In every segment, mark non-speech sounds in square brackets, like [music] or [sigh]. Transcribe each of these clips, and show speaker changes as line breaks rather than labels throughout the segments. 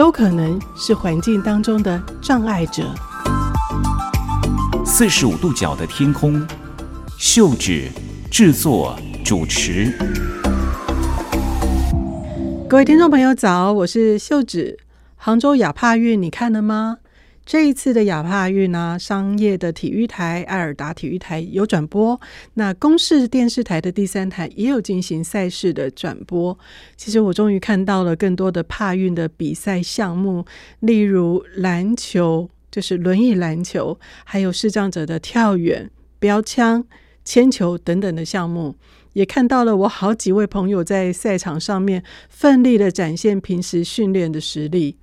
都可能是環境當中的障礙者。
四十五度角的天空，秀芷制作主持。
各位聽眾朋友早，我是秀芷。杭州亞帕運，你看了嗎？這一次的亞帕運啊，商業的體育台、愛爾達體育台有轉播，那公視電視台的第三台也有進行賽事的轉播。其實我終於看到了更多的帕運的比賽項目，例如籃球，就是輪椅籃球，還有視障者的跳遠、標槍、鉛球等等的項目，也看到了我好幾位朋友在賽場上面奮力的展現平時訓練的實力。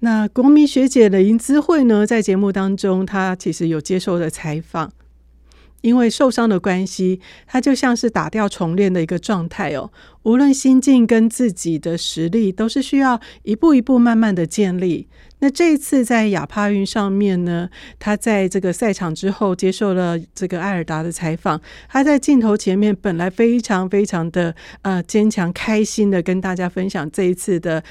那國民學姐的尹姿慧呢，在節目當中，她其實有接受的採訪。因為受傷的關係，她就像是打掉重練的一個狀態哦。無論心境跟自己的實力，都是需要一步一步慢慢的建立。那這一次在亞帕運上面呢，她在這個賽場之後接受了這個愛爾達的採訪。她在鏡頭前面本來非常非常的啊堅強、呃、堅強開心的跟大家分享這一次的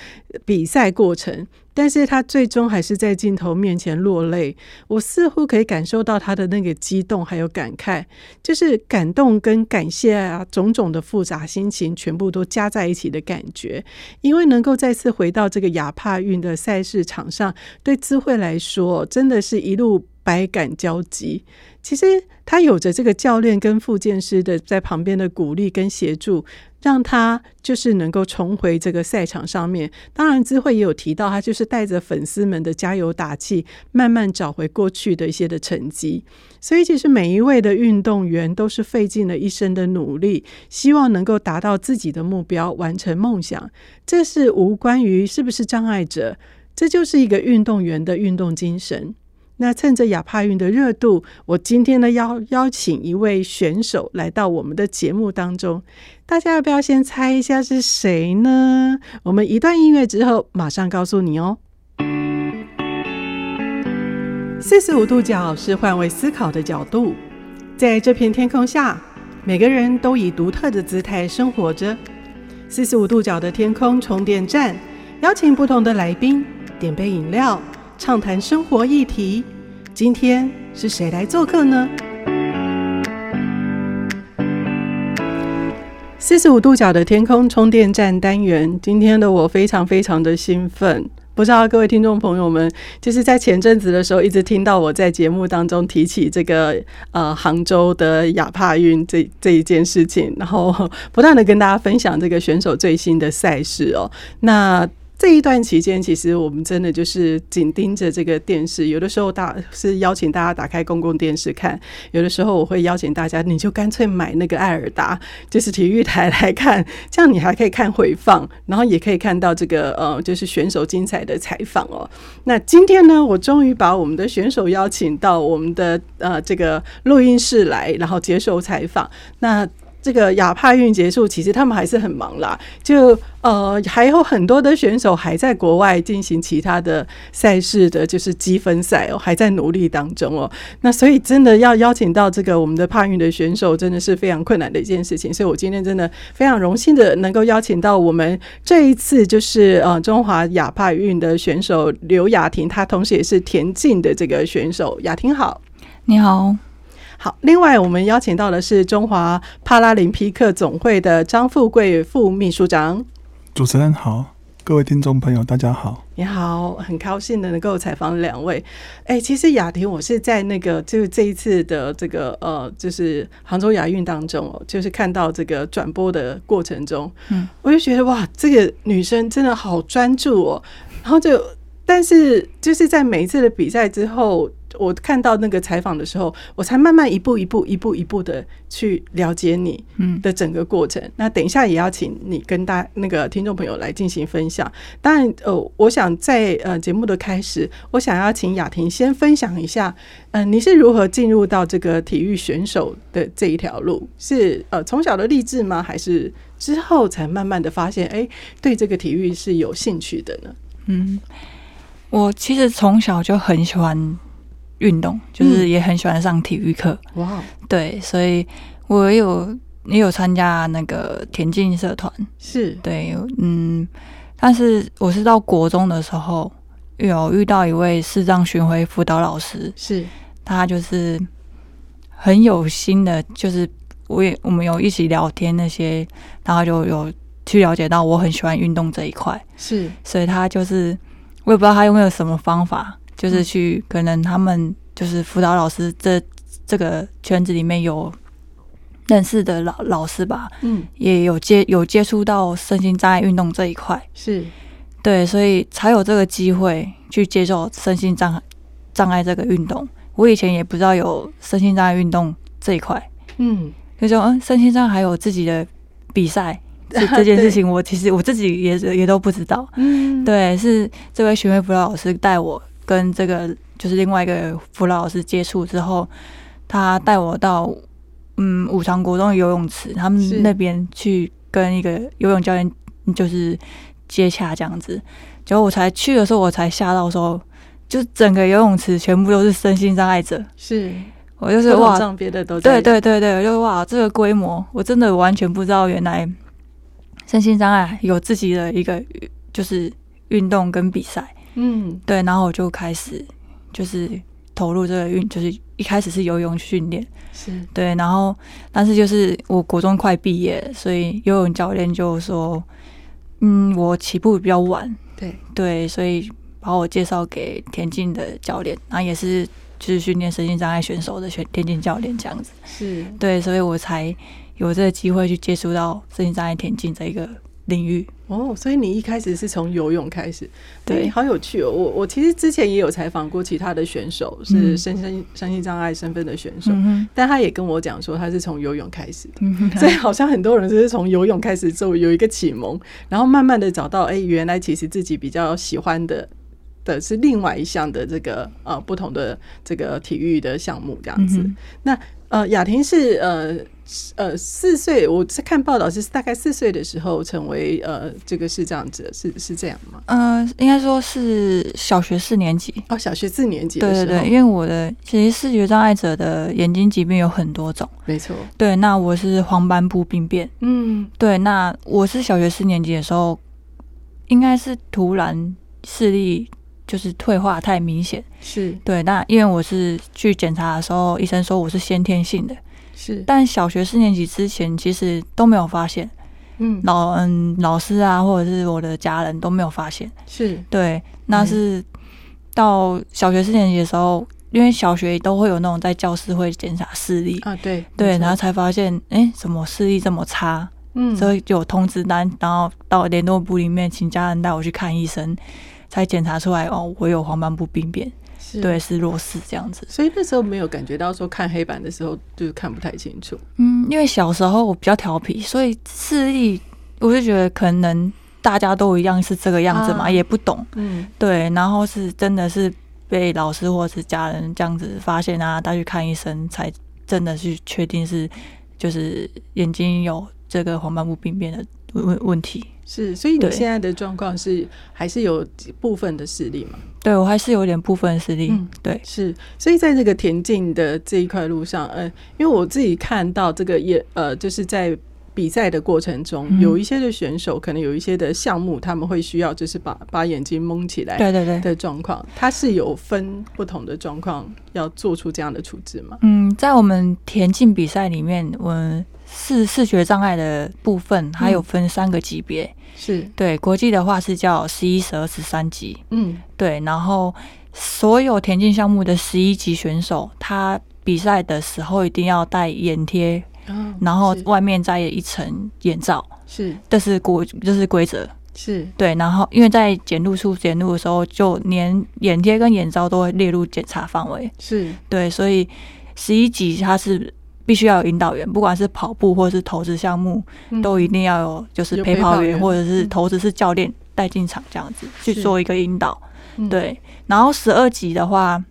比賽過程。但是他最終還是在鏡頭面前落淚，我似乎可以感受到他的那個激動還有感慨，就是感動跟感謝啊，種種的複雜心情全部都加在一起的感覺。因為能夠再次回到這個亞帕運的賽事場上，對智慧來說，真的是一路百感交集。其實他有着這個教練跟復健師的在旁邊的鼓勵跟協助。讓他就是能夠重回這個賽場上面，當然智慧也有提到，他就是帶着粉絲們的加油打氣，慢慢找回過去的一些的成績。所以其實每一位的運動員都是費盡了一生的努力，希望能夠達到自己的目標，完成夢想。這是無關於是不是障礙者，這就是一個運動員的運動精神。那趁着亞帕運的熱度，我今天呢邀邀請一位選手來到我們的節目當中，大家要不要先猜一下是誰呢？我們一段音樂之後馬上告訴你哦。四十五度角是換位思考的角度，在這片天空下，每個人都以獨特的姿態生活着。四十五度角的天空充電站，邀請不同的來賓，點杯飲料。暢談生活議題，今天是誰來做客呢？四十五度角的天空充電站單元，今天的我非常非常的興奮。不知道各位聽眾朋友們，就是在前陣子的時候，一直聽到我在節目當中提起這個呃杭州的亞帕運這這一件事情，然後不斷的跟大家分享這個選手最新的賽事哦。那這一段期間，其實我們真的就是緊盯着這個電視。有的時候，大是邀請大家打開公共電視看；有的時候，我會邀請大家，你就乾脆買那個愛爾達，就是體育台來看，這樣你還可以看回放，然後也可以看到這個呃，就是選手精彩的採訪哦。那今天呢，我終於把我們的選手邀請到我們的呃這個錄音室來，然後接受採訪。那這個亞帕運結束，其實他們還是很忙啦。就呃，還有很多的選手還在國外進行其他的賽事的，就是積分賽哦，還在努力當中哦。那所以真的要邀請到這個我們的帕運的選手，真的是非常困難的一件事情。所以我今天真的非常榮幸的能夠邀請到我們這一次就是呃，中華亞帕運的選手劉雅婷，她同時也是田徑的這個選手。雅婷好，你好。好，另外我們邀請到的是中華帕拉林匹克總會的張富貴副秘書長。
主持人好，各位聽眾朋友，大家好。
你好，很高興的能夠採訪兩位。哎、欸，其實雅婷，我是在那個就是這一次的這個呃，就是杭州亞運當中，就是看到這個轉播的過程中，嗯，我就覺得哇，這個女生真的好專注哦。然後就，但是就是在每一次的比賽之後。我看到那個採訪的時候，我才慢慢一步一步一步一步的去了解你，嗯，的整個過程。嗯、那等一下也要請你跟大那個聽眾朋友來進行分享。當然，呃，我想在呃節目的開始，我想要請雅婷先分享一下，嗯、呃，你是如何進入到這個體育選手的這一條路？是呃從小的勵志嗎？還是之後才慢慢的發現，哎、欸，對這個體育是有興趣的呢？嗯，
我其實從小就很喜歡運動就是也很喜歡上體育課，嗯、哇，對，所以我有也有參加那個田徑社團，是對，嗯，但是我是到國中的時候有遇到一位視障巡回輔導老師，是，他就是很有心的，就是我也我們有一起聊天那些，然後就有去了解到我很喜歡運動這一塊，是，所以他就是我也不知道他有沒有什麼方法，就是去，可能他們就是輔導老師這、嗯、這個圈子裡面有認識的老老師吧，嗯，也有接有接觸到身心障礙運動這一塊，是對，所以才有這個機會去接受身心障礙障礙這個運動。我以前也不知道有身心障礙運動這一塊，嗯，就說嗯，身心障礙還有自己的比賽、嗯、這件事情，我其實我自己也也都不知道，嗯，對，是這位巡迴輔導老師帶我。跟這個就是另外一個輔導老，老師接觸之後，他帶我到嗯五常國中的游泳池，他們那邊去跟一個游泳教練就是接洽這樣子。結果我才去的時候，我才嚇到說，就是整個游泳池全部都是身心障礙者。
是我就是哇，別的都對對
對對，就哇，這個規模我真的完全不知道，原來身心障礙有自己的一個就是運動跟比賽。嗯，對，然後我就開始就是投入這個運，就是一開始是游泳訓練，是對，然後但是就是我國中快畢業，所以游泳教練就說，嗯，我起步比較晚，對對，所以把我介紹給田徑的教練，然後也是就是訓練身心障礙選手的選田徑教練這樣子，是對，所以我才有這個機會去接觸到身心障礙田徑這一個。領
域哦，所以你一開始是從游泳開始，對，對，好有趣哦。我我其實之前也有採訪過其他的選手，是身身身心、嗯、障礙身份的選手，嗯、哼但他也跟我講說他是從游泳開始的，嗯、哼所以好像很多人都是從游泳開始，做有一個啟蒙，然後慢慢的找到，哎、欸，原來其實自己比較喜歡的的是另外一項的這個呃不同的這個體育的項目這樣子。嗯、哼那呃，雅婷是呃。呃，四歲，我在看報道是大概四歲的時候成為呃，這個視障者是是這樣嗎？呃，
應該說是小學四年級哦，小學四年級的。對對對，因為我的其實視覺障礙者的眼睛疾病有很多種，沒錯。對，那我是黃斑部病變。嗯，對，那我是小學四年級的時候，應該是突然視力就是退化太明顯。是對，那因為我是去檢查的時候，醫生說我是先天性的。是，但小學四年級之前其實都沒有發現，
嗯，
老嗯老師啊，或者是我的家人都沒有發現，是，對，那是到小學四年級的時候，嗯、因為小學都會有那種在教室會檢查視力啊，對，對，然後才發現，哎、嗯欸，怎麼視力這麼差？嗯，所以就有通知單，然後到聯絡部裡面請家人帶我去看醫生，才檢查出來哦，我有黃斑部病變。是對，是弱視這樣子，所以那時候
沒有感覺到說看黑板的時候就是看不太清楚。嗯，
因為小時候我比較調皮，所以視力我就覺得可能大家都一樣是這個樣子嘛，啊、也不懂。嗯，對，然後是真的是被老師或是家人這樣子發現啊，帶去看醫生，才真的是確定是就是眼睛有這個黃斑部病變的。問問題
是，所以你現在的狀況是對還是有部分的視力嘛？
對，我還是有點部分視力。嗯、對，是，
所以在這個田徑的這一塊路上，呃、嗯，因為我自己看到這個也呃，就是在比賽的過程中，嗯、有一些的選手可能有一些的項目，他們會需要就是把把眼睛蒙起來。對對對。的狀況，它是有分不同的狀況要做出這樣的處置嘛？
嗯，在我們田徑比賽裡面，我。視視覺障礙的部分，它有分三個級別，嗯，是對，國際的話是叫十一、十二、十三級，嗯，對。然後所有田徑項目的十一級選手，他比賽的時候一定要戴眼貼，啊，然後外面再有一層眼罩，是。這是國，這，就是規則，是對。然後因為在檢錄處檢錄的時候，就連眼貼跟眼罩都會列入檢查範圍，是對。所以十一級他是。必須要有引導員，不管是跑步或是投資項目，嗯、都一定要有，就是陪跑員，有陪跑員，或者是投資是教練帶進場這樣子、嗯、去做一個引導。是對，嗯、然後十二級的話，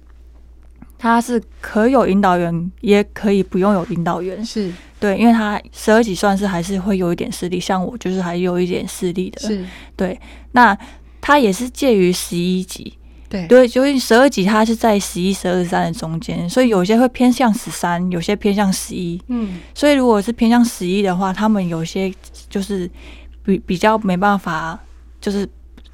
他是可有引導員，也可以不用有引導員。是對，因為他十二級算是還是會有一點視力，像我就是還有一點視力的。是，對，那他也是介於十一級。對，所以十二級它是在十一、十二、三的中間，所以有些會偏向十三，有些偏向十一。嗯，所以如果是偏向十一的話，他們有些就是比比較沒辦法，就是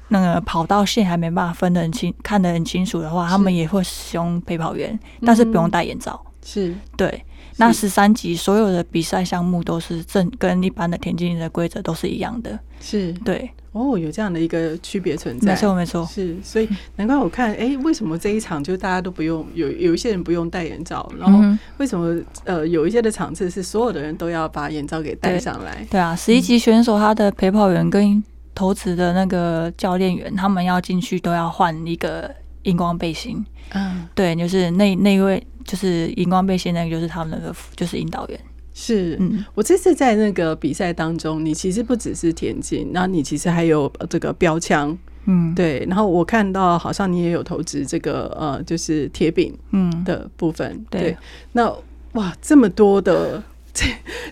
那個跑道線還沒辦法分得很清，看得很清楚的話，他們也會使用陪跑員，是但是不用戴眼罩。嗯、對是，對。那十三級所有的比賽項目都是正跟一般的田徑的規則都是一樣的。
是對。哦，有這樣的一個區別存在，沒錯沒錯，是所以難怪我看，哎、欸，為什麼這一場就大家都不用有有一些人不用戴眼罩，然後為什麼呃有一些的場次是所有的人都要把眼罩給戴上來對？
對啊，十一級選手他的陪跑員跟投擲的那個教練員，嗯、他們要進去都要換一個熒光背心。嗯，對，就是那那位就是熒光背心那個，就是他們的就是引導員。
是、嗯、我這次在那個比賽當中，你其實不只是田徑，那你其實還有這個標槍，嗯，對。然後我看到好像你也有投擲這個呃，就是鐵餅，嗯的部分，嗯、對，對。那哇，這麼多的這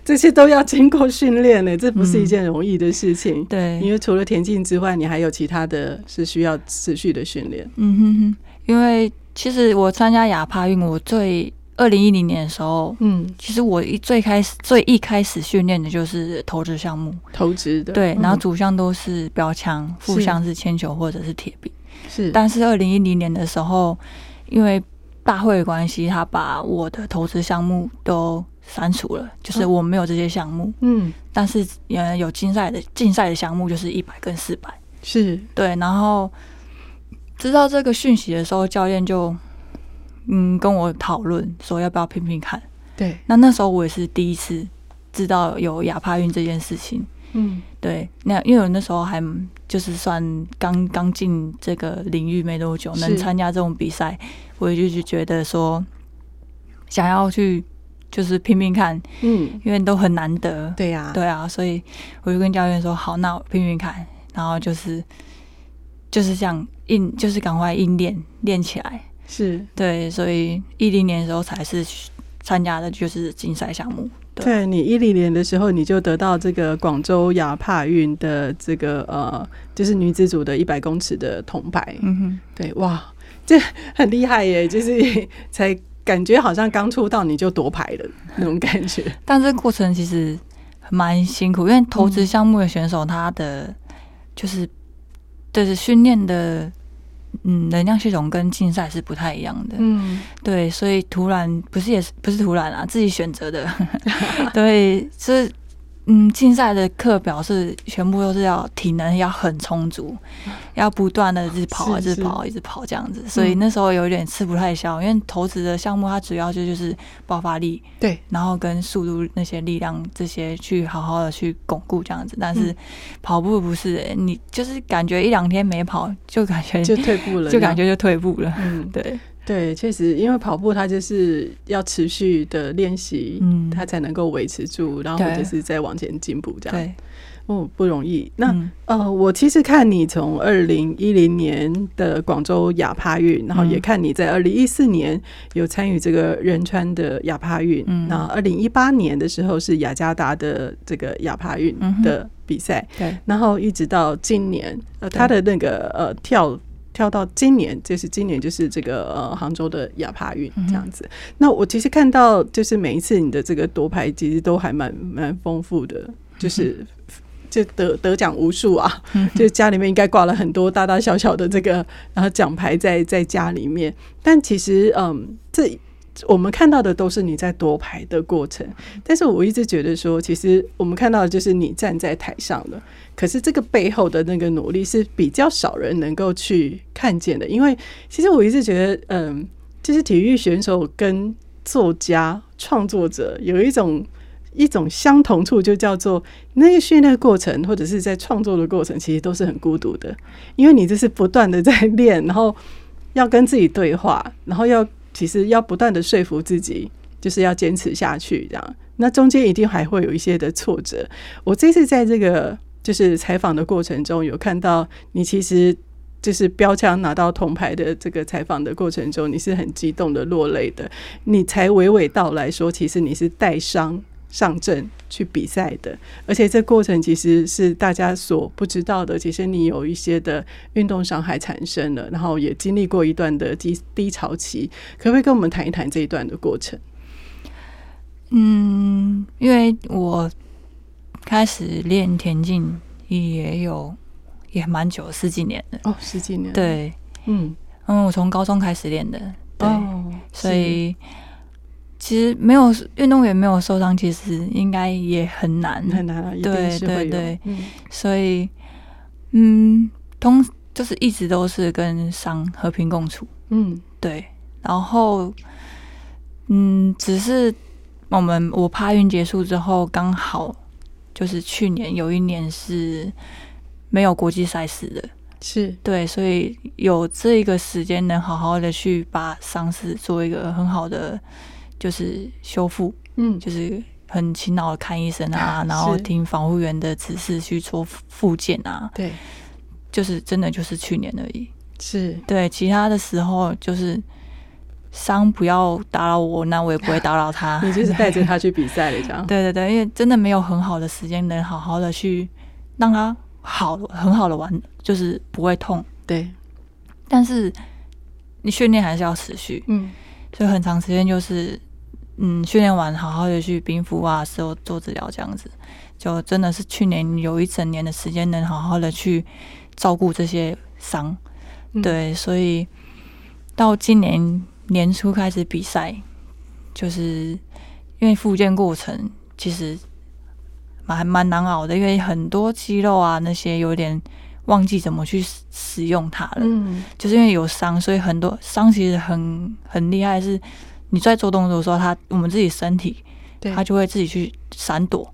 這些都要經過訓練呢，這不是一件容易的事情，對、嗯。因為除了田徑之外，你還有其他的是需要持續的訓練，嗯
哼哼。因為其實我參加亞帕運，我最二零一零年的時候，嗯，其實我一最開始最一開始訓練的就是投擲項目，
投擲的，對，然後主
項都是標槍，嗯、副項是鉛球或者是鐵餅，是。但是二零一零年的時候，因為大會的關係，他把我的投擲項目都刪除了，就是我沒有這些項目，嗯。但是原來有競賽的競賽的項目就是一百跟四百是，是對。然後知道這個訊息的時候，教練就。嗯，跟我討論說要不要拼拼看。對，那那時候我也是第一次知道有亞帕運這件事情。嗯，對，那因為我那時候還就是算剛剛進這個領域沒多久，是能參加這種比賽，我也就是覺得說想要去就是拼拼看。嗯，因為都很難得。對呀、啊，對啊，所以我就跟教練說：“好，那我拼拼看。”然後就是就是想硬，就是趕快硬練練起來。是對，所以一零年的時候才是參加的，就是競賽項目。
對，對你一零年的時候，你就得到這個廣州亞帕運的這個呃，就是女子組的一百公尺的銅牌。嗯哼，對，哇，這很厲害耶！就是才感覺好像剛出道你就奪牌了那種感覺。
[laughs] 但這個過程其實蠻辛苦，因為投擲項目的選手他的就是、嗯、就是訓練的。嗯，能量系統跟競賽是不太一樣的。嗯，對，所以突然不是也是不是突然啊，自己選擇的， [laughs] [laughs] 對，就是。嗯，競賽的課表是全部都是要體能要很充足，嗯、要不斷的一直跑、一直跑、是是一直跑這樣子。所以那時候有點吃不太消，嗯、因為投擲的項目它主要就就是爆發力，對，然後跟速度那些力量這些去好好的去鞏固這樣子。但是跑步不是、欸，嗯、你就是感覺一兩天沒跑，就感覺就退步了，就感覺就退步了。嗯，對。
對，確實，因為跑步它就是要持續的練習，嗯，它才能夠維持住，然後就是再往前進步這樣。對、哦，不容易。那、嗯、呃，我其實看你從二零一零年的廣州亞帕運，嗯、然後也看你在二零一四年有參與這個仁川的亞帕運，嗯，然後二零一八年的時候是雅加達的這個亞帕運的比賽、嗯，對，然後一直到今年，呃，他的那個對呃跳。跳到今年，就是今年就是這個呃杭州的亞帕運這樣子。嗯、哼那我其實看到，就是每一次你的這個奪牌，其實都還蠻蠻豐富的，就是就得得獎無數啊。嗯、哼就家裡面應該掛了很多大大小小的這個，然後獎牌在在家裡面。但其實，嗯，這我們看到的都是你在奪牌的過程。但是我一直覺得說，其實我們看到的就是你站在台上的。可是這個背後的那個努力是比較少人能夠去看見的，因為其實我一直覺得，嗯，就是體育選手跟作家創作者有一種一種相同處，就叫做那個訓練過程或者是在創作的過程，其實都是很孤獨的，因為你這是不斷的在練，然後要跟自己對話，然後要其實要不斷的說服自己，就是要堅持下去，這樣，那中間一定還會有一些的挫折。我這次在這個。就是採訪的過程中，有看到你其實就是標槍拿到銅牌的這個採訪的過程中，你是很激動的落淚的，你才娓娓道來說，其實你是帶傷上陣去比賽的，而且這過程其實是大家所不知道的，其實你有一些的運動傷害產生了，然後也經歷過一段的低低潮期，可不可以跟我們談一談這一段的過程？嗯，因
為我。開始練田徑也有也蠻久，十幾年了。哦，十幾年。對，嗯嗯，我從高中開始練的。對哦，所以是其實沒有運動員沒有受傷，其實應該也很難很難，啊。對對對，嗯、所以嗯，通就是一直都是跟傷和平共處。嗯，對。然後嗯，只是我們我帕運結束之後剛好，就是去年有一年是沒有國際賽事的。是對，所以有這一個時間能好好的去把傷勢做一個很好的就是修復，嗯，就是很勤勞的看醫生啊，啊然後聽防護員的指示去做復健啊，對，就是真的就是去年而已，是對，其他的時候就是。傷不要打擾我，那我也不會打擾他。 [laughs] 你就是帶着他去比賽了，這樣。對對對，因為真的沒有很好的時間能好好的去讓他好很好的玩，就是不會痛。對，但是你訓練還是要持續。嗯，所以很長時間就是，嗯，訓練完好好的去冰敷啊，時候做治療這樣子，就真的是去年有一整年的時間能好好的去照顧這些傷。嗯、對，所以到今年，年初開始比賽，就是因為複健過程其實蠻蠻難熬的，因為很多肌肉啊那些有點忘記怎麼去使用它了。嗯，就是因為有傷，所以很多傷其實很很厲害是，是你在做動作的時候，他我們自己身體，對，他就會自己去閃躲。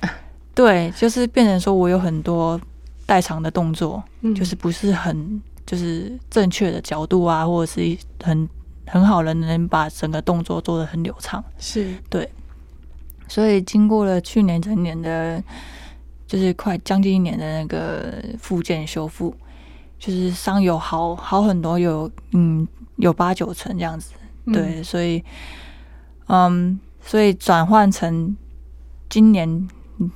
對，對，就是變成說我有很多代償的動作，嗯，就是不是很就是正確的角度啊，或者是一很。很好的，能把整個動作做得很流暢。是，對。所以經過了去年整年的，就是快將近一年的那個復健修復，就是傷有好好很多有，有嗯有八九成這樣子。對，嗯，所以，嗯，所以轉換成今年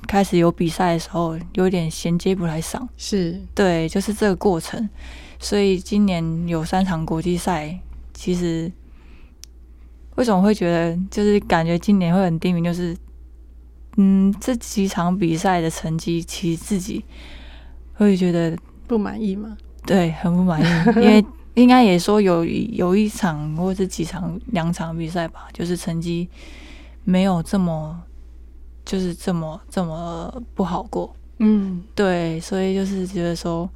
開始有比賽的時候，有點銜接不來上。是，對，就是這個過程。所以今年有三場國際賽。其實為什麼會覺得就是感覺今年會很低迷？就是嗯，這幾場比賽的成績，其實自己會覺得不滿意嗎？對，很不滿意， [laughs] 因為應該也說有有一場或者幾場兩場比賽吧，就是成績沒有這麼就是這麼這麼不好過。嗯，對，所以就是覺得說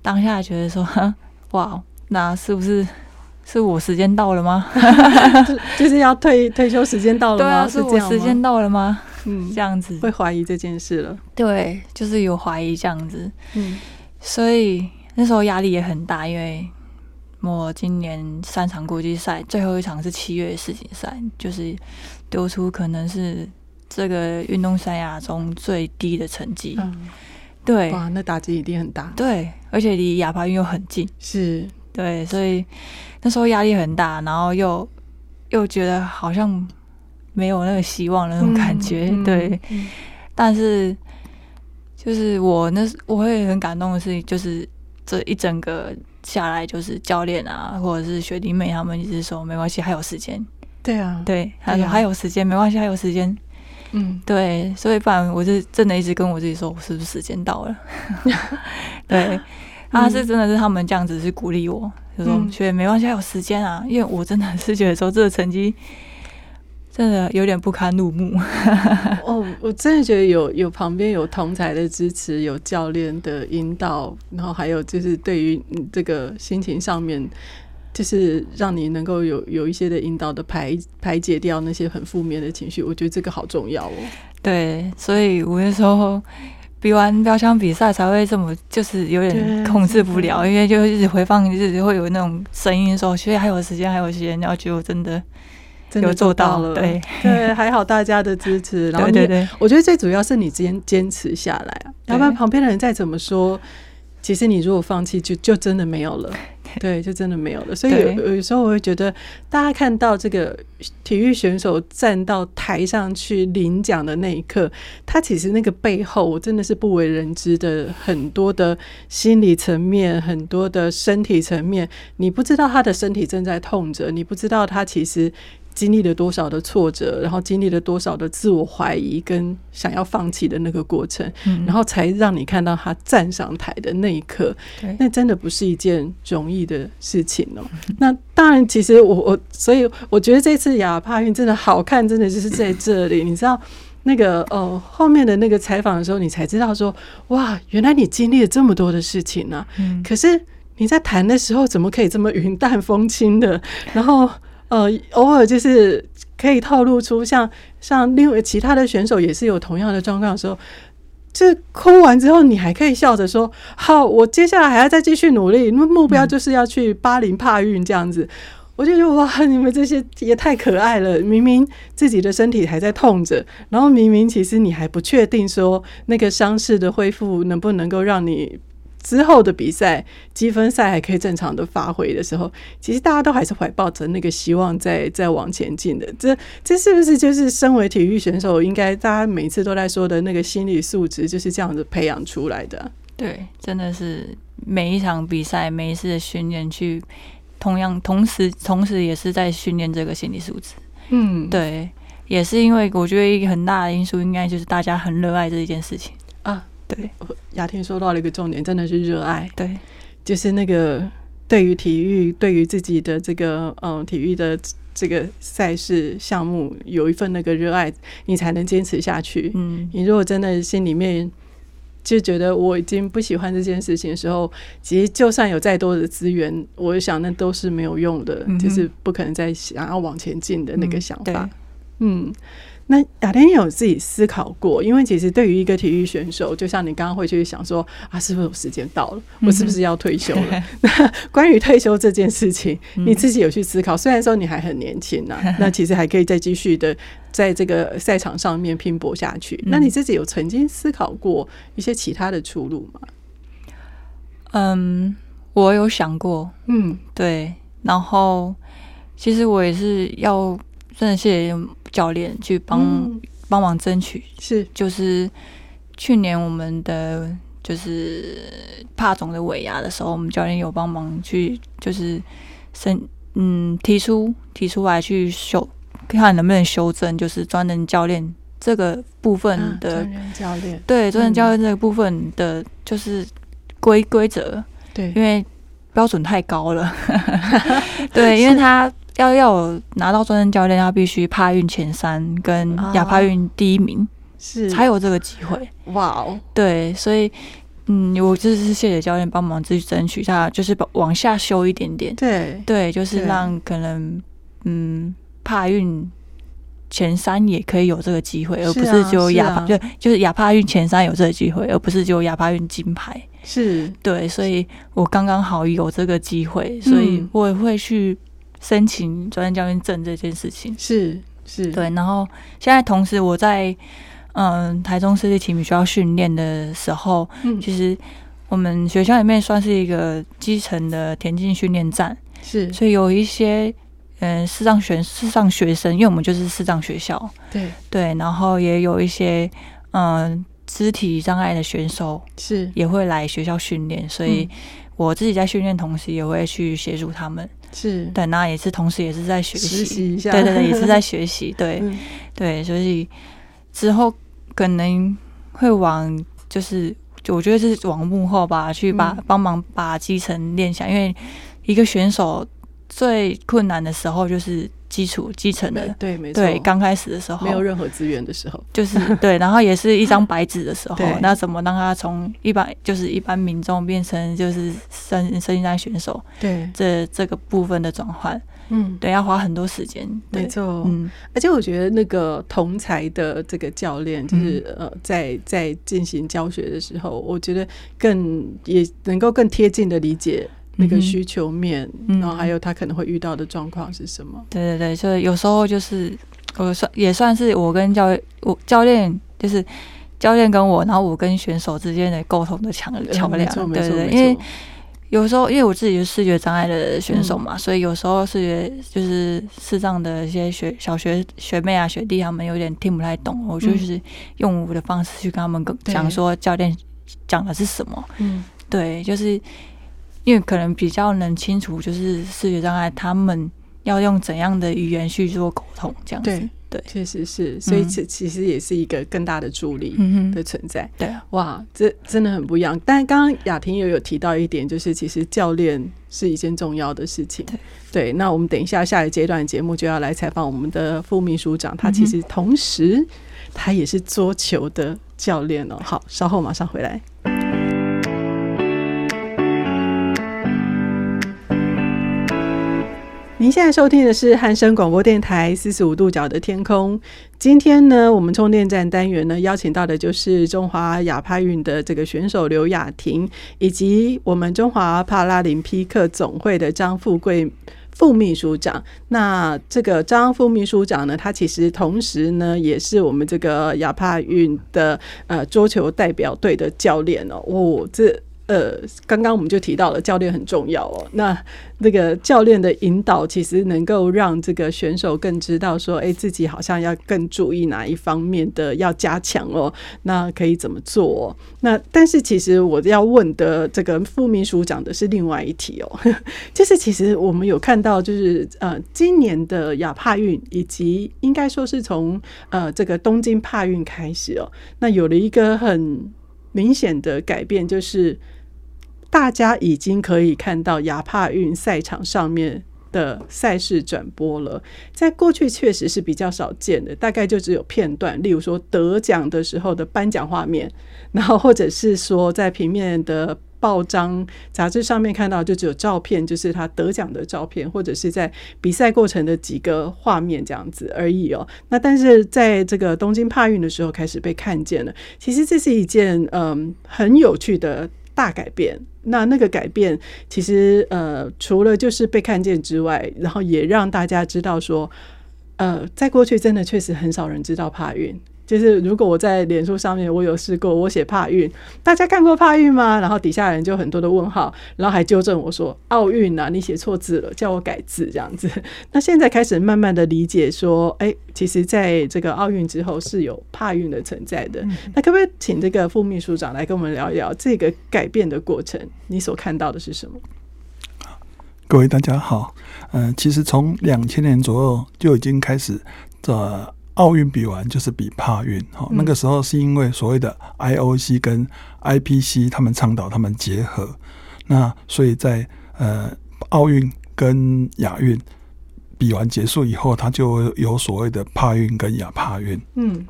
當下覺得說哈哇，那是不是？是我時間到了嗎？ [laughs] [laughs] 就是要退退休時間到了嗎？對啊，是我時間到了嗎？嗯，這樣子會懷疑這件事了。對，就是有懷疑這樣子。嗯，所以那時候壓力也很大，因為我今年三場國際賽，最後一場是七月世錦賽，就是丟出可能是這個運動生涯中最低的成績。嗯、對，哇，那打擊一定很大。對，而且離亞帕運又很近。是。對，所以那時候壓力很大，然後又又覺得好像沒有那個希望的那種感覺。嗯、對，嗯、但是就是我那我會很感動的事情，就是這一整個下來，就是教練啊，或者是學弟妹他們一直說、嗯、沒關係，還有時間。
對啊，
對，他說還有時間，啊、沒關係，還有時間。嗯，對，所以不然我是真的一直跟我自己說，我是不是時間到了？ [laughs] [laughs] 對。啊，是真的是他們這樣子是鼓勵我，所以、嗯、沒關係，有時間啊，因為我真的是覺得說，這個成績真的有點不堪入目。
哦，我真的覺得有有旁邊有同儕的支持，有教練的引導，然後還有就是對於這個心情上面，就是讓你能夠有有一些的引導的排排解掉那些很負面的情緒，我覺得這個好重要哦。
對，所以我那時候。比完標槍比賽才會這麼，就是有點控制不了，對因為就一直回放，一直會有那種聲音說，所以其實還有時間，還有時間，然後就真的有真的做到了，對對，
還好大家的支持， [laughs] 然後你對，對對，我覺得最主要是你堅堅持下來，要不然旁邊的人再怎麼說，其實你如果放棄，就就真的沒有了。 [laughs] 對，就真的沒有了。所以有有時候我會覺得，大家看到這個體育選手站到台上去領獎的那一刻，他其實那個背後真的是不為人知的很多的心理層面，很多的身體層面，你不知道他的身體正在痛着，你不知道他其實。經歷了多少的挫折，然後經歷了多少的自我懷疑跟想要放棄的那個過程，嗯、然後才讓你看到他站上台的那一刻。嗯、那真的不是一件容易的事情哦。嗯、那當然，其實我我所以我覺得這次亞帕運真的好看，真的就是在這裡。嗯、你知道那個哦後面的那個採訪的時候，你才知道說哇，原來你經歷了這麼多的事情呢、啊。嗯、可是你在談的時候，怎麼可以這麼雲淡風輕的？然後。呃，偶爾就是可以透露出像像另外其他的選手也是有同樣的狀況的時候，就哭完之後，你還可以笑着說：“好，我接下來還要再繼續努力，那目標就是要去巴黎帕運這樣子。嗯”我就覺得哇，你們這些也太可愛了！明明自己的身體還在痛着，然後明明其實你還不確定說那個傷勢的恢復能不能夠讓你。之後的比賽積分賽還可以正常的發揮的時候，其實大家都還是懷抱着那個希望在在往前進的。這這是不是就是身為體育選手，應該大家每次都在說的那個心理素質就是這樣子培養出來的啊？對，真的是每一場比賽、每一次
的訓練，去同樣同時同時也是在訓練這個心理素質。嗯，對，也是因為我覺得一個很大的因素，應該就是大家很熱愛這一件事情。
對，雅婷說到了一個重點，真的是熱愛。對，就是那個對於體育，對於自己的這個嗯，體育的這個賽事項目，有一份那個熱愛，你才能堅持下去。嗯，你如果真的心裡面就覺得我已經不喜歡這件事情的時候，其實就算有再多的資源，我想那都是沒有用的，嗯、哼就是不可能再想要往前進的那個想法。嗯。對嗯那雅婷有自己思考過，因為其實對於一個體育選手，就像你剛剛會去想說啊，是不是我時間到了，我是不是要退休了？嗯、那關於退休這件事情，嗯、你自己有去思考？雖然說你還很年輕呢、啊，嗯、那其實還可以再繼續的在這個賽場上面拼搏下去。嗯、那你自己有曾經思考過一些其他的出路嗎？嗯，我有想
過。嗯，對。然後其實我也是要真的是。教練去幫幫、嗯、忙爭取是，就是去年我們的就是帕總的尾牙的時候，我們教練有幫忙去就是申嗯提出提出來去修看能不能修正，就是專人教練這個部分的專人教練對專人教練這個部分的，就是規規則對，因為標準太高了，對， [laughs] 對，因為他。要要拿到專業教練，他必須帕運前三跟亞帕運第一名，是才有這個機會。哇哦，對，所以嗯，我就是謝謝教練幫忙自己爭取一下，就是往往下修一點點。對對，就是讓可能嗯帕運前三也可以有這個機會，而不是就亞帕就，就是亞帕運前三有這個機會，而不是就亞帕運金牌。是對，所以我剛剛好有這個機會，所以我也會去。申請專業教練證這件事情是是，是對。然後現在同時我在嗯、呃、台中市立啟明學校訓練的時候，嗯、其實我們學校裡面算是一個基層的田徑訓練站，是。所以有一些嗯、呃、視障學視障學生，因為我們就是視障學校，對對。然後也有一些嗯、呃、肢體障礙的選手是也會來學校訓練，是所以我自己在訓練同時也會去協助他們。是對，那、啊、也是同時也是在學習，一下對對對，也是在學習， [laughs] 對對，所以之後可能會往就是，我覺得是往幕後吧，去把幫忙把基層練下，因為一個選手最困難的時候就是。基礎基層的對沒，對沒錯。對，剛開始的時候沒有任何資源的時候，就是對，然後也是一張白紙的時候， [laughs] 嗯、對那怎麼讓他從一般就是一般民眾變成就是生生擊賽選手？對，
這這個部分的轉換，嗯，對，要花很多時間。對，沒錯嗯，而且我覺得那個同才的這個教練，就是呃，在在進行教學的時候，嗯、我覺得更也能夠更貼近的理解。那個需求面，然後還有他可能會遇到的狀況是什麼？
對對對，所以有時候就是我算也算是我跟教我教練，就是教練跟我，然後我跟選手之間的溝通的強橋梁。對對對，因為有時候因為我自己是視覺障礙的選手嘛，所以有時候視覺就是視障的一些學小學學妹啊學弟他們有點聽不太懂，我就是用我的方式去跟他們講說教練講的是什麼？嗯，對，就是。因為可能比較能清楚，就是視覺障礙，他們要用怎樣的語言去做溝通，這樣對
對，確實是，所以這、嗯、哼其實也是一個更大的助力的存在。嗯、對，哇，這真的很不一樣。但剛剛雅婷又有提到一點，就是其實教練是一件重要的事情。對對，那我們等一下下一階段節目就要來採訪我們的副秘書長，他其實同時他也是桌球的教練哦、喔。好，稍後馬上回來。您現在收聽的是漢聲廣播電臺四十五度角的天空。今天呢，我們充電站單元呢，邀請到的就是中華亞帕運的這個選手劉雅婷，以及我們中華帕拉林匹克總會的張富貴副祕書長。那這個張副祕書長呢，他其實同時呢，也是我們這個亞帕運的呃桌球代表隊的教練哦。哦，這。呃，剛剛我們就提到了教練很重要哦。那那個教練的引導，其實能夠讓這個選手更知道說，哎、欸，自己好像要更注意哪一方面的要加強哦。那可以怎麼做，哦？那但是其實我要問的這個副秘書長的是另外一題哦，就是其實我們有看到，就是呃，今年的亞帕運以及應該說是從呃這個東京帕運開始哦，那有了一個很明顯的改變，就是。大家已經可以看到亞帕運賽場上面的賽事轉播了，在過去確實是比較少見的，大概就只有片段，例如說得獎的時候的頒獎畫面，然後或者是說在平面的報章、雜誌上面看到，就只有照片，就是他得獎的照片，或者是在比賽過程的幾個畫面這樣子而已哦。那但是在這個東京帕運的時候開始被看見了，其實這是一件嗯很有趣的。大改變，那那個改變其實呃，除了就是被看見之外，然後也讓大家知道說，呃，在過去真的確實很少人知道帕運。就是如果我在臉書上面，我有試過，我寫帕運，大家看過帕運嗎？然後底下人就很多的問號，然後還糾正我說奧運啊，你寫錯字了，叫我改字這樣子。那現在開始慢慢的理解說，哎、欸，其實在這個奧運之後是有帕運的存在的。的那可不可以請這個副秘書長來跟我們聊一聊這個改變的過程？你所看到的是什麼？
各位大家好，嗯、呃，其實從兩千年左右就已經開始奧運比完就是比帕運，那個時候是因為所謂的 IOC 跟 IPC 他們倡導他們結合，那所以在呃奧運跟亞運比完結束以後，他就有所謂的帕運跟亞帕運，嗯，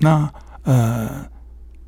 那呃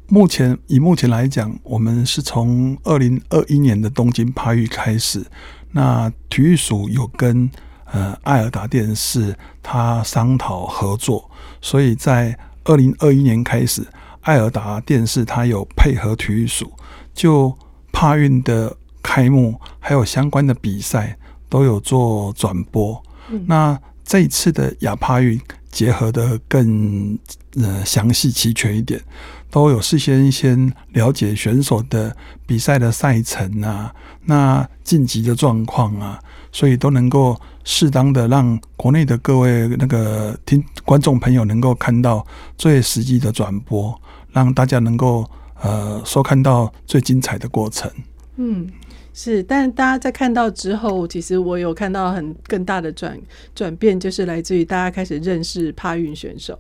目前以目前來講，我們是從二零二一年的東京帕運開始，那體育署有跟。呃，愛爾達電視，他商討合作，所以在二零二一年開始，愛爾達電視他有配合體育署，就帕運的開幕還有相關的比賽都有做轉播。嗯、那這一次的亞帕運結合的更呃詳細齊全一點，都有事先先了解選手的比賽的賽程啊，那晉級的狀況啊。所以都能夠適當的讓國內的各位那個聽觀眾朋友能夠看到最實際的轉播，讓大家能夠呃收看到最精彩的過程。嗯，
是，但大家在看到之後，其實我有看到很更大的轉轉變，就是來自於大家開始認識帕運選手。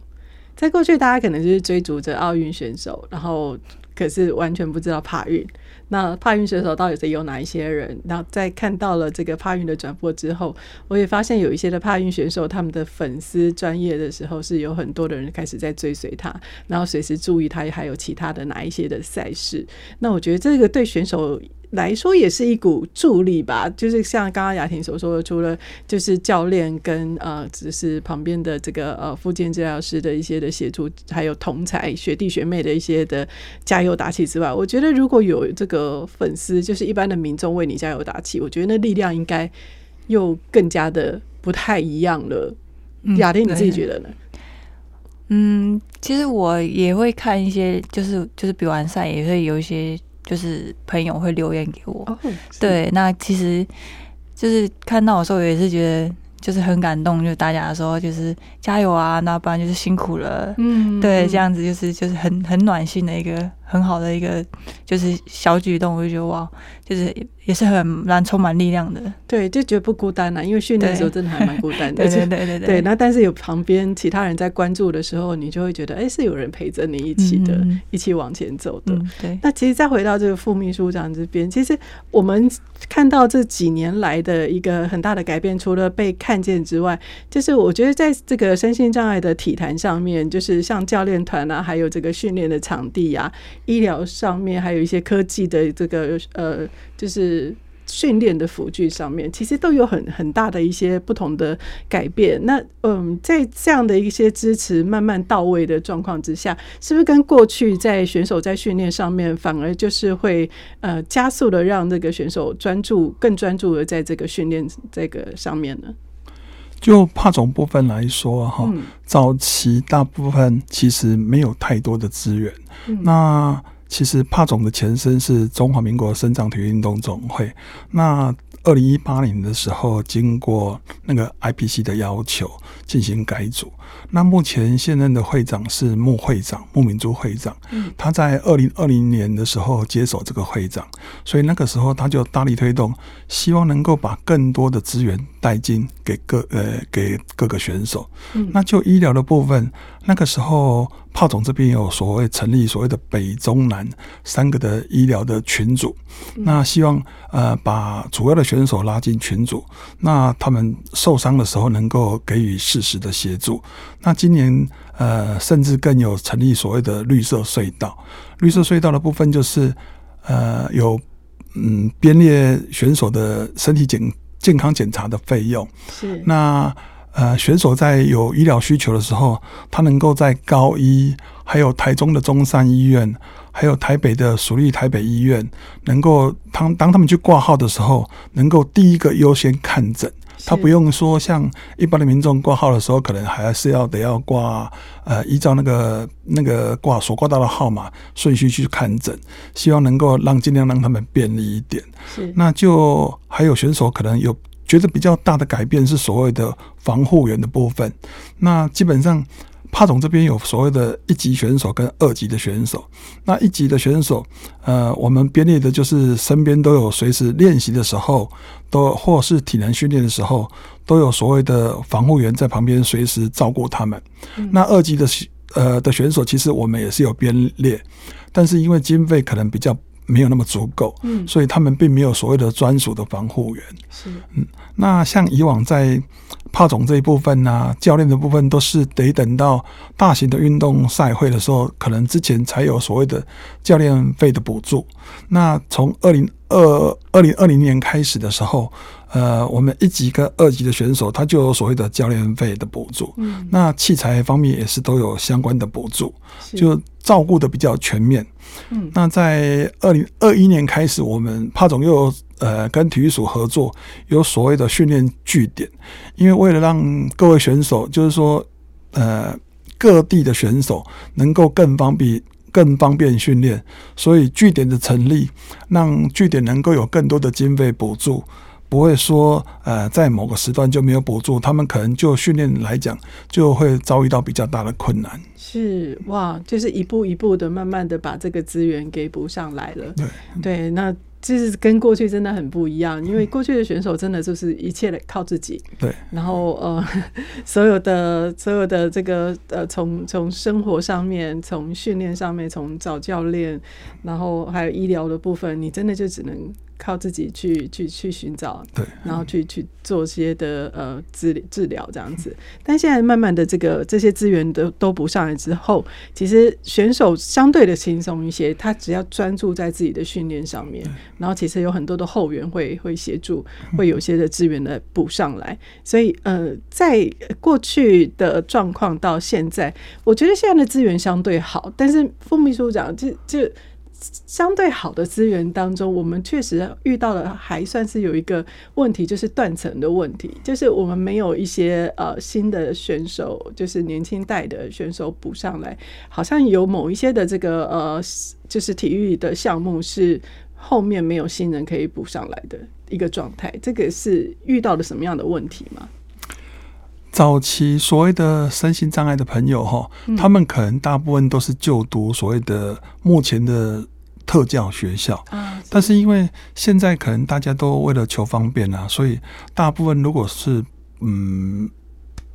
在過去，大家可能就是追逐着奧運選手，然後可是完全不知道帕運。那帕運選手到底是有哪一些人？然後在看到了這個帕運的轉播之後，我也發現有一些的帕運選手，他們的粉絲專頁的時候是有很多的人開始在追隨他，然後隨時注意他，還有其他的哪一些的賽事。那我覺得這個對選手。來說也是一股助力吧，就是像剛剛雅婷所說的，除了就是教練跟呃，只是旁邊的這個呃，復健治療師的一些的協助，還有同才、學弟學妹的一些的加油打氣之外，我覺得如果有這個粉絲，就是一般的民眾為你加油打氣，我覺得那力量應該又更加的不太一樣了。
嗯，雅婷，你自己覺得呢？嗯，其實我也會看一些，就是就是比完賽也會有一些。就是朋友會留言給我，哦、對，那其實就是看到的時候也是覺得就是很感動，就大家說就是加油啊，那不然就是辛苦了，嗯，對，這樣子就是就是很很暖心的一個。很好的一個就是小舉動，我就覺得哇，就是
也是很蠻充滿力量的。對，就覺得不孤單了，因為訓練的時候真的還蠻孤單的。對對對對對，對。那但是有旁邊其他人在關注的時候，你就會覺得哎、欸，是有人陪着你一起的，嗯嗯一起往前走的。嗯、對。那其實再回到這個副秘書長這邊，其實我們看到這幾年來的一個很大的改變，除了被看見之外，就是我覺得在這個身心障礙的體壇上面，就是像教練團啊，還有這個訓練的場地呀、啊。醫療上面還有一些科技的這個呃，就是訓練的輔具上面，其實都有很很大的一些不同的改變。那嗯，在這樣的一些支持慢慢到位的狀況之下，是不是跟過去在選手在訓練上面，反而就是會呃加速的讓這個選手專注更專注的在這個訓練這個上面呢？
就帕總部分來說，哈，早期大部分其實沒有太多的資源。嗯、那其實帕總的前身是中華民國的身障體育運動總會。那二零一八年的時候，經過那個 IPC 的要求進行改組。那目前現任的會長是穆會長穆閩珠會長，他在二零二零年的時候接手這個會長，所以那個時候他就大力推動，希望能夠把更多的資源帶進給各呃給各個選手。嗯、那就醫療的部分，那個時候帕總這邊有所謂成立所謂的北中南三個的醫療的群組，那希望呃把主要的選手拉進群組，那他們受傷的時候能夠給予適時的協助。那今年，呃，甚至更有成立所謂的綠色隧道。綠色隧道的部分就是，呃，有嗯，編列選手的身體檢健康檢查的費用。是。那呃，選手在有醫療需求的時候，他能夠在高醫，還有台中的中山醫院，還有台北的署立台北醫院，能夠當當他們去掛號的時候，能夠第一個優先看診。他不用說，像一般的民眾掛號的時候，可能還是要得要掛，呃，依照那個那個掛所掛到的號碼順序去看診，希望能夠讓儘量讓他們便利一點。是，那就還有選手可能有覺得比較大的改變是所謂的防護員的部分，那基本上。帕總這邊有所謂的一級選手跟二級的選手，那一級的選手，呃，我們編列的就是身邊都有隨時練習的時候，都或是體能訓練的時候，都有所謂的防護員在旁邊隨時照顧他們。嗯，那二級的呃的選手，其實我們也是有編列，但是因為經費可能比較沒有那麼足夠，嗯，所以他們並沒有所謂的專屬的防護員。是，嗯，那像以往在。帕總這一部分呢、啊，教練的部分都是得等到大型的運動賽會的時候，可能之前才有所謂的教練費的補助。那從二零二二零二零年開始的時候。呃，我們一級跟二級的選手，他就有所謂的教練費的補助，嗯，那器材方面也是都有相關的補助，是就照顧的比較全面。嗯，那在二零二一年開始，我們帕總又呃跟體育署合作，有所謂的訓練據點，因為為了讓各位選手，就是說呃各地的選手能夠更方便更方便訓練，所以據點的成立，讓據點能夠有更多的經費補助。不會說，呃，在某個時段就沒有補助，他們可能就訓練來講就會遭遇到比較大的困難。
是哇，就是一步一步的，慢慢的把這個資源給補上來了。對對，那這是跟過去真的很不一樣，因為過去的選手真的就是一切靠自己。嗯、對，然後呃，所有的所有的這個呃，從從生活上面，從訓練上面，從找教練，然後還有醫療的部分，你真的就只能。靠自己去去去尋找，對然後去去做些的呃治治療這樣子。但現在慢慢的這個這些資源都都補上來之後，其實選手相對的輕鬆一些，他只要專注在自己的訓練上面，對然後其實有很多的後援會會協助，會有些的資源的補上來。所以呃，在過去的狀況到現在，我覺得現在的資源相對好，但是副秘書長就就。相對好的資源當中，我們確實遇到了還算是有一個問題，就是斷層的問題，就是我們沒有一些呃新的選手，就是年輕代的選手補上來，好像有某一些的這個呃，就是體育的項目是後面沒有新人可以補上來的一個狀態，這個是遇到了什麼樣的問題嗎？
早期所謂的身心障礙的朋友哈，他們可能大部分都是就讀所謂的目前的特教學校。但是因為現在可能大家都為了求方便啊，所以大部分如果是，嗯。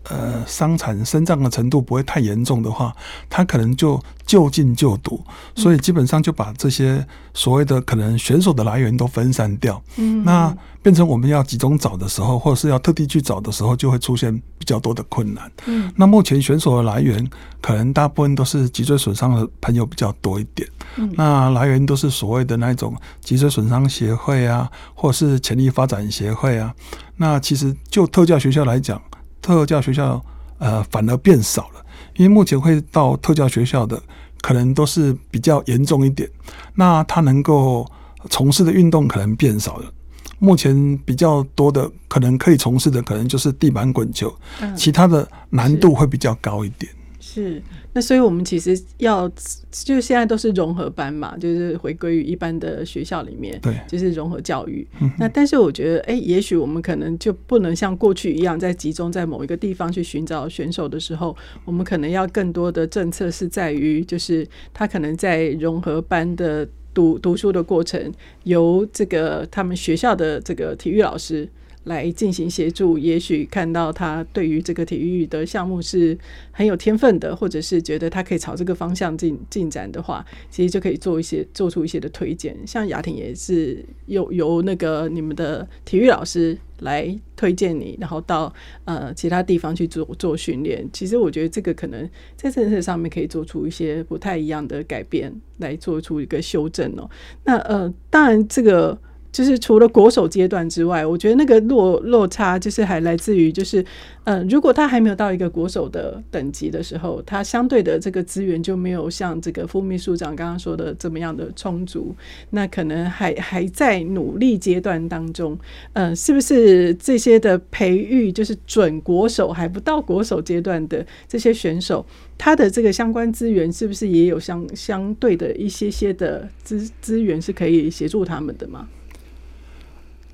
呃，傷殘、身障的程度不會太嚴重的話，他可能就就近就讀，嗯、所以基本上就把這些所謂的可能選手的來源都分散掉。嗯，那變成我們要集中找的時候，或者是要特地去找的時候，就會出現比較多的困難。嗯，那目前選手的來源可能大部分都是脊椎損傷的朋友比較多一點。嗯，那來源都是所謂的那種脊椎損傷協會啊，或者是潛力發展協會啊。那其實就特教學校來講。特教學校，呃，反而變少了，因為目前會到特教學校的，可能都是比較嚴重一點，那他能夠從事的運動可能變少了。目前比較多的，可能可以從事的，可能就是地板滾球，嗯，其他的難度會比較高一點。
是。是那所以，我們其實要，就是現在都是融合班嘛，就是回歸於一般的學校裡面，對就是融合教育。嗯、哼那但是我覺得，哎、欸，也許我們可能就不能像過去一樣，在集中在某一個地方去尋找選手的時候，我們可能要更多的政策是在於，就是他可能在融合班的讀讀書的過程，由這個他們學校的這個體育老師，來進行協助，也許看到他對於這個體育的項目是很有天分的，或者是覺得他可以朝這個方向進進展的話，其實就可以做一些、做出一些的推薦。像雅婷也是由由那個你們的體育老師來推薦你，然後到呃其他地方去做做訓練。其實我覺得這個可能在政策上面可以做出一些不太一樣的改變，來做出一個修正哦。那呃，當然這個。就是除了國手階段之外，我覺得那個落落差就是還來自於，就是嗯、呃，如果他還沒有到一個國手的等級的時候，他相對的這個資源，就沒有像這個副秘書長剛剛說的這麼樣的充足。那可能還還在努力階段當中，嗯、呃，是不是這些的培育就是準國手還不到國手階段的這些選手，他的這個相關資源是不是也有相相對的一些些的資資源是可以協助他們的嗎？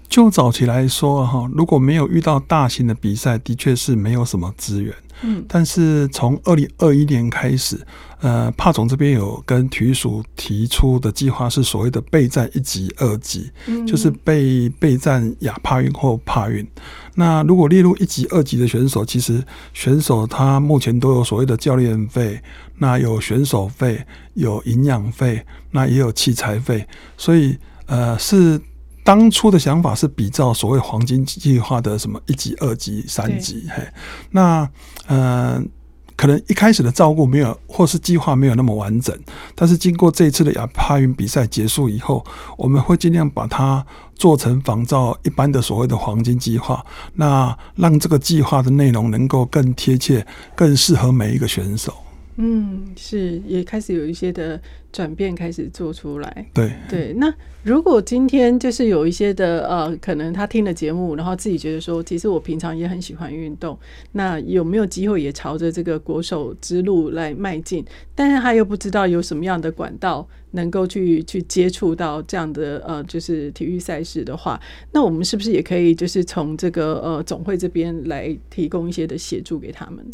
就早期來說，哈，如果沒有遇到大型的比賽，的確是沒有什麼資源。嗯，但是從二零二一年開始，呃，帕總這邊有跟體育署提出的計劃是所謂的備戰一級、二級，嗯、就是備備戰亞帕運或帕運。那如果列入一級、二級的選手，其實選手他目前都有所謂的教練費，那有選手費、有營養費，那也有器材費，所以呃是。當初的想法是比照所謂黃金計劃的什麼一級、二級、三級，對嘿，那呃，可能一開始的照顧沒有，或是計劃沒有那麼完整，但是經過這一次的亞帕運比賽結束以後，我們會盡量把它做成仿照一般的所謂的黃金計劃，那讓這個計劃的內容能夠更貼切、更適合每一個選手。
嗯，是也開始有一些的轉變，開始做出來。對對，那如果今天就是有一些的呃，可能他聽了節目，然後自己覺得說，其實我平常也很喜歡運動，那有沒有機會也朝着這個國手之路來邁進？但是他又不知道有什麼樣的管道能夠去去接觸到這樣的呃，就是體育賽事的話，那我們是不是也可以就是從這個呃總會這邊來提供一些的協助給他們？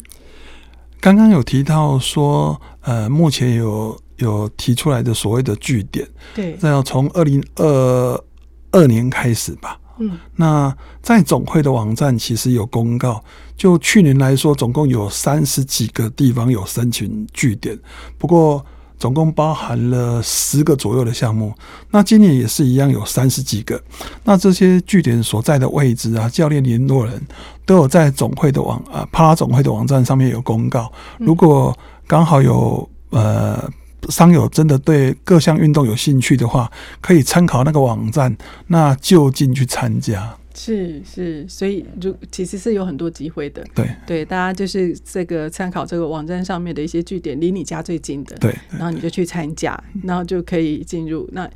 剛剛有提到說，呃，目前有有提出來的所謂的據點，對，那要從二零二二年開始吧，嗯，那在總會的網站其實有公告，就去年來說，總共有三十幾個地方有申請據點，不過。總共包含了十個左右的項目，那今年也是一樣，有三十幾個。那這些據點所在的位置啊，教練聯絡人，都有在總會的網啊、呃，帕拉總會的網站上面有公告。嗯、如果剛好有呃障友真的對各項運動有興趣的話，可以參考那個網站，那就近去參加。
是是，所以如其實是有很多機會的。對對，大家就是這個參考這個網站上面的一些據點，離你家最近的，對，對，然後你就去參加，對然後就可以進入那。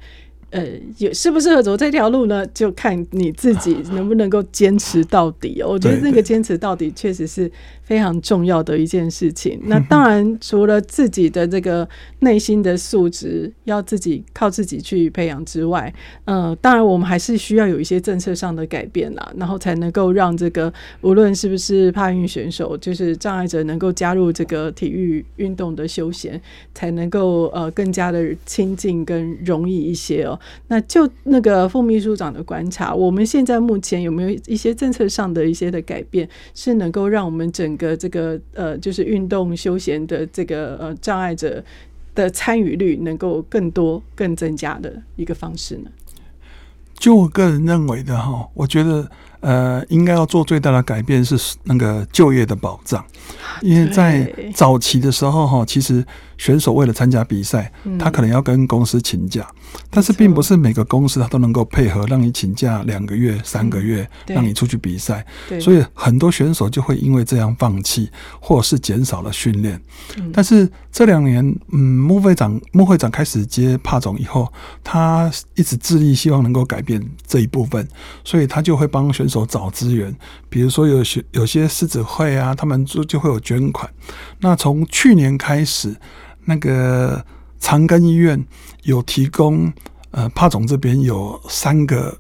呃，也適不適合走這條路呢？就看你自己能不能夠堅持到底喔。我覺得這個堅持到底確實是非常重要的一件事情。那當然，除了自己的這個內心的素質要自己靠自己去培養之外，呃，當然我們還是需要有一些政策上的改變啦，然後才能夠讓這個無論是不是帕運選手，就是障礙者能夠加入這個體育運動的休閒，才能夠呃更加的親近跟容易一些喔。那就那個副秘書長的觀察，我們現在目前有沒有一些政策上的一些的改變，是能夠讓我們整個這個呃，就是運動休閒的這個呃障礙者的參與率能夠更多、更增加的一個方式呢？
就我個人認為的哈，我覺得。呃，應該要做最大的改變是那個就業的保障，啊、因為在早期的時候哈，其實選手為了參加比賽，嗯、他可能要跟公司請假，嗯、但是並不是每個公司他都能夠配合讓你請假兩個月、嗯、三個月，嗯、讓你出去比賽，對所以很多選手就會因為這樣放棄，或是減少了訓練。嗯、但是這兩年，嗯，穆會長穆會長開始接帕總以後，他一直致力希望能夠改變這一部分，所以他就會幫選。手找資源，比如說有些有些獅子會啊，他們就就會有捐款。那從去年開始，那個長庚醫院有提供，呃，帕總這邊有三個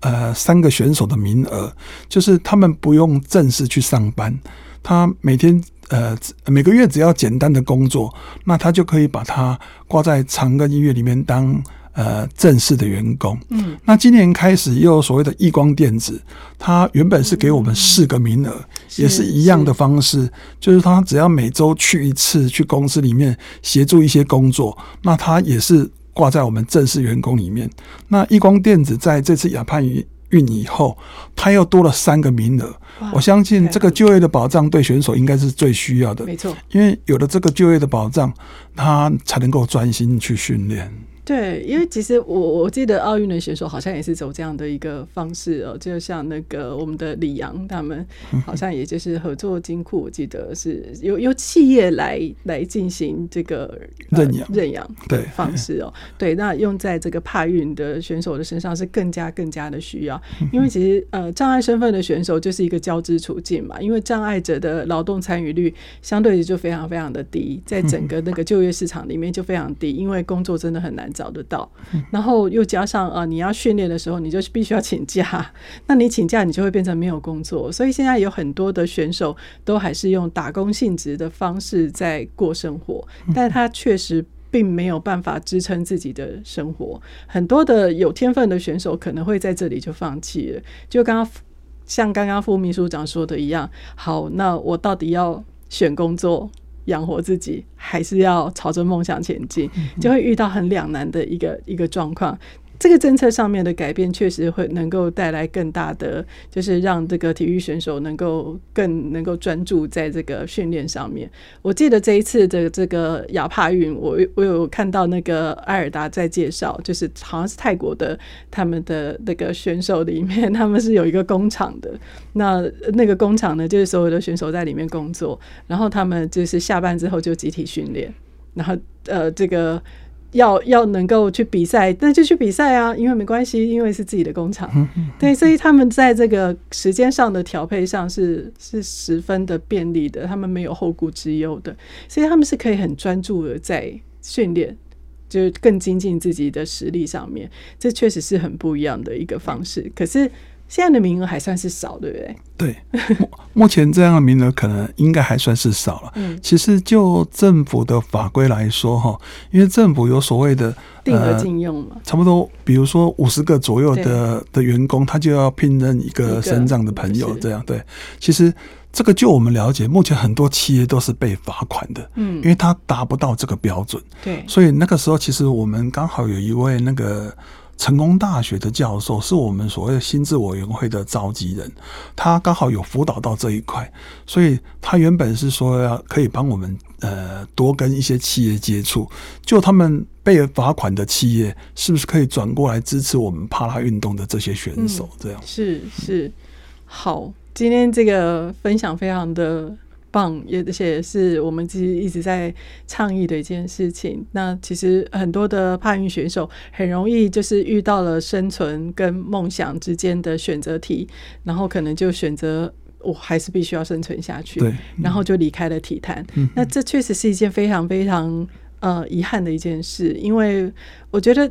呃三個選手的名額，就是他們不用正式去上班，他每天呃每個月只要簡單的工作，那他就可以把它掛在長庚醫院裡面當呃，正式的員工。嗯，那今年開始又有所謂的億光電子，他原本是給我們四個名額，嗯、也是一樣的方式，是、是就是他只要每週去一次，去公司裡面協助一些工作，那他也是掛在我們正式員工裡面。那億光電子在這次亞帕運以後，他又多了三個名額。哇我相信這個就業的保障對選手應該是最需要的，沒錯錯。因為有了這個就業的保障，他才能夠專心去訓練。
對，因為其實我我記得奧運的選手好像也是走這樣的一個方式哦，就像那個我們的李洋他們，好像也就是合作金庫，嗯、哼我記得是由由企業來來進行這個認、呃、養認養對方式哦，對，對，對，那用在這個帕運的選手的身上是更加更加的需要，嗯、哼因為其實呃障礙身份的選手就是一個交織處境嘛，因為障礙者的勞動參與率相對就非常非常的低，在整個那個就業市場裡面就非常低，嗯、哼因為工作真的很難找。找得到，然後又加上啊，你要訓練的時候，你就必須要請假。那你請假，你就會變成沒有工作。所以現在有很多的選手都還是用打工性質的方式在過生活，但是他確實並沒有辦法支撐自己的生活。很多的有天分的選手可能會在這裡就放棄了。就剛剛像剛剛副秘書長說的一樣，好，那我到底要選工作？養活自己，還是要朝着夢想前進，就會遇到很兩難的一個一個狀況。這個政策上面的改變確實會能夠帶來更大的，就是讓這個體育選手能夠更能夠專注在這個訓練上面。我記得這一次的這個亞帕運，我我有看到那個愛爾達在介紹，就是好像是泰國的他們的那個選手裡面，他們是有一個工廠的，那那個工廠呢，就是所有的選手在裡面工作，然後他們就是下班之後就集體訓練，然後呃這個。要要能夠去比賽，那就去比賽啊！因為沒關係，因為是自己的工廠， [laughs] 對，所以他們在這個時間上的調配上是是十分的便利的，他們沒有後顧之憂的，所以他們是可以很專注的在訓練，就是更精進自己的實力上面。這確實是很不一樣的一個方式，可是現在的名額還算是少，對不對？
對，目前這樣的名額可能應該還算是少了。 [laughs] 嗯，其實就政府的法規來說，哈，因為政府有所謂的定額進用嘛，呃、差不多，比如說五十個左右的對的員工，他就要聘任一個身障的朋友，這樣、就是、對。其實這個就我們了解，目前很多企業都是被罰款的，嗯，因為他達不到這個標準。對，所以那個時候其實我們剛好有一位那個。成功大學的教授是我們所謂的心智委員會的召集人，他剛好有輔導到這一塊，所以他原本是說要可以幫我們呃多跟一些企業接觸，就他們被罰款的企業是不是可以轉過來支持我們帕拉運動的這些選手？嗯、這樣
是是好，今天這個分享非常的。棒也，而且是我們自己一直在倡議的一件事情。那其實很多的帕運選手很容易就是遇到了生存跟夢想之間的選擇題，然後可能就選擇我還是必須要生存下去，對然後就離開了體壇。嗯、那這確實是一件非常非常呃遺憾的一件事，因為我覺得，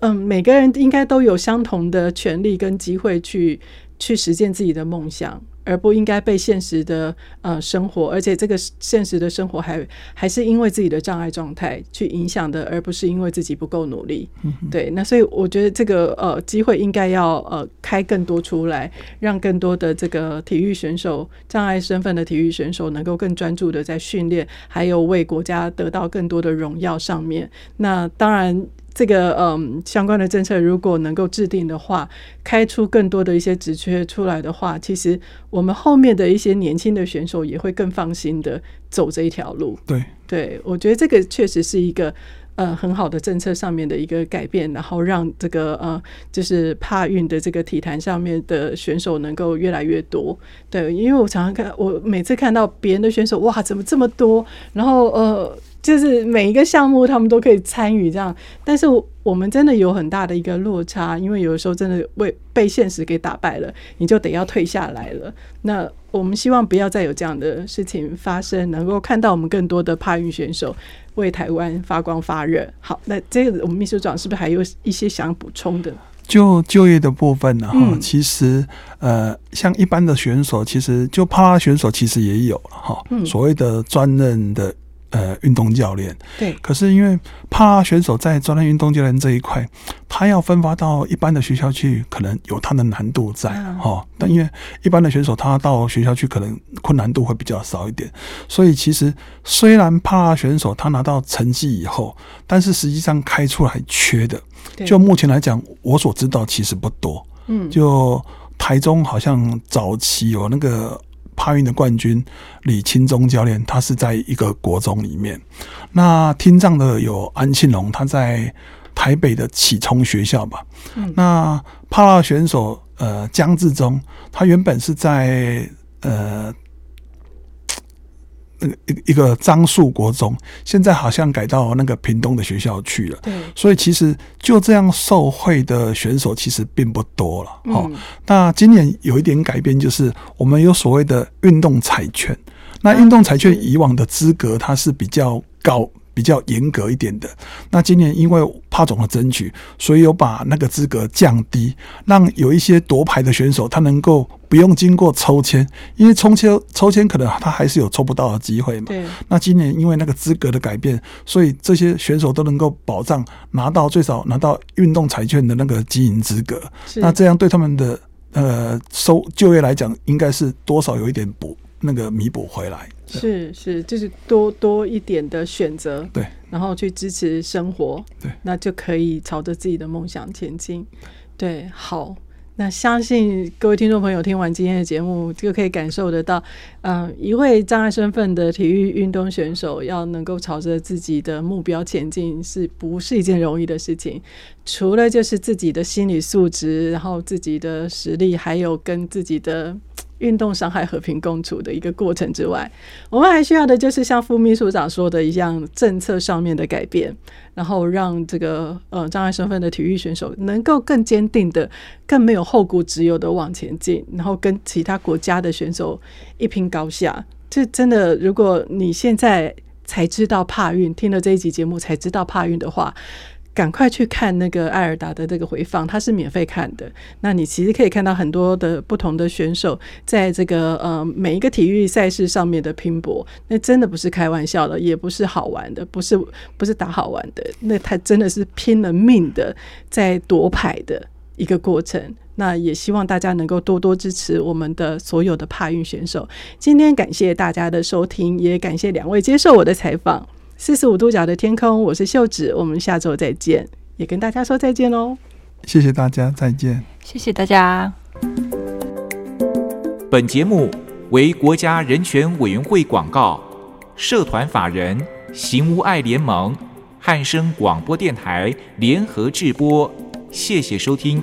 嗯、呃，每個人應該都有相同的權利跟機會去去實現自己的夢想。而不應該被現實的呃生活，而且這個現實的生活還還是因為自己的障礙狀態去影響的，而不是因為自己不夠努力。嗯哼。對，那所以我覺得這個呃機會應該要呃開更多出來，讓更多的這個體育選手、障礙身份的體育選手能夠更專注的在訓練，還有為國家得到更多的榮耀上面。那當然。這個嗯，相關的政策如果能夠制定的話，開出更多的一些職缺出來的話，其實我們後面的一些年輕的選手也會更放心的走這一條路。對，對我覺得這個確實是一個呃很好的政策上面的一個改變，然後讓這個呃就是帕運的這個體壇上面的選手能夠越來越多。對，因為我常常看，我每次看到別人的選手，哇，怎麼這麼多？然後呃。就是每一個項目他們都可以參與這樣，但是我們真的有很大的一個落差，因為有的時候真的被被現實給打敗了，你就得要退下來了。那我們希望不要再有這樣的事情發生，能夠看到我們更多的帕運選手為台灣發光發熱。好，那這個我們秘書長是不是還有一些想補充的？
就就業的部分呢、啊？哈、嗯，其實呃，像一般的選手，其實就帕拉選手其實也有了哈，哦嗯、所謂的專任的。呃，運動教練，對，可是因為帕拉選手在專業運動教練這一塊，他要分發到一般的學校去，可能有他的難度在哈、啊。但因為一般的選手他到學校去，可能困難度會比較少一點。所以其實雖然帕拉選手他拿到成績以後，但是實際上開出來缺的，就目前來講，我所知道其實不多。嗯，就台中好像早期有那個。帕運的冠軍李清宗教練，他是在一個國中裡面。那聽障的有安慶隆，他在台北的啟聰學校吧。那帕拉選手呃江志忠，他原本是在呃。一一個樟樹國中，現在好像改到那個屏東的學校去了。對所以其實就這樣受惠的選手其實並不多了。嗯、哦，那今年有一點改變就是，我們有所謂的運動彩券。那運動彩券以往的資格它是比較高。嗯嗯比較嚴格一點的，那今年因為帕總的爭取，所以有把那個資格降低，讓有一些奪牌的選手他能夠不用經過抽籤，因為抽籤抽籤可能他還是有抽不到的機會嘛。對。那今年因為那個資格的改變，所以這些選手都能夠保障拿到，最少拿到運動彩券的那個經營資格。是。那這樣對他們的呃收就業來講，應該是多少有一點補那個彌補回來。
是是，就是多多一點的選擇，對，然後去支持生活，對，那就可以朝着自己的夢想前進，對，好，那相信各位聽眾朋友聽完今天的節目，就可以感受得到，嗯、呃，一位障礙身份的體育運動選手要能夠朝着自己的目標前進，是不是一件容易的事情？除了就是自己的心理素質，然後自己的實力，還有跟自己的運動傷害和平共處的一個過程之外，我們還需要的就是像副秘書長說的一樣，政策上面的改變，然後讓這個呃、嗯、障礙身份的體育選手能夠更堅定的、更沒有後顧之憂的往前進，然後跟其他國家的選手一拼高下。這真的，如果你現在才知道帕運，聽了這一集節目才知道帕運的話。趕快去看那個艾爾達的這個回放，它是免費看的。那你其實可以看到很多的不同的選手在這個呃每一個體育賽事上面的拼搏，那真的不是開玩笑的，也不是好玩的，不是不是打好玩的，那他真的是拼了命的在奪牌的一個過程。那也希望大家能夠多多支持我們的所有的帕運選手。今天感謝大家的收聽，也感謝兩位接受我的採訪。四十五度角的天空，我是秀芷，我們下週再見，也跟大家說再見嘍。
謝謝大家，再見。
謝謝大家。
本節目為國家人權委員會廣告，社團法人行無礙聯盟、漢聲廣播電台聯合製播，謝謝收聽。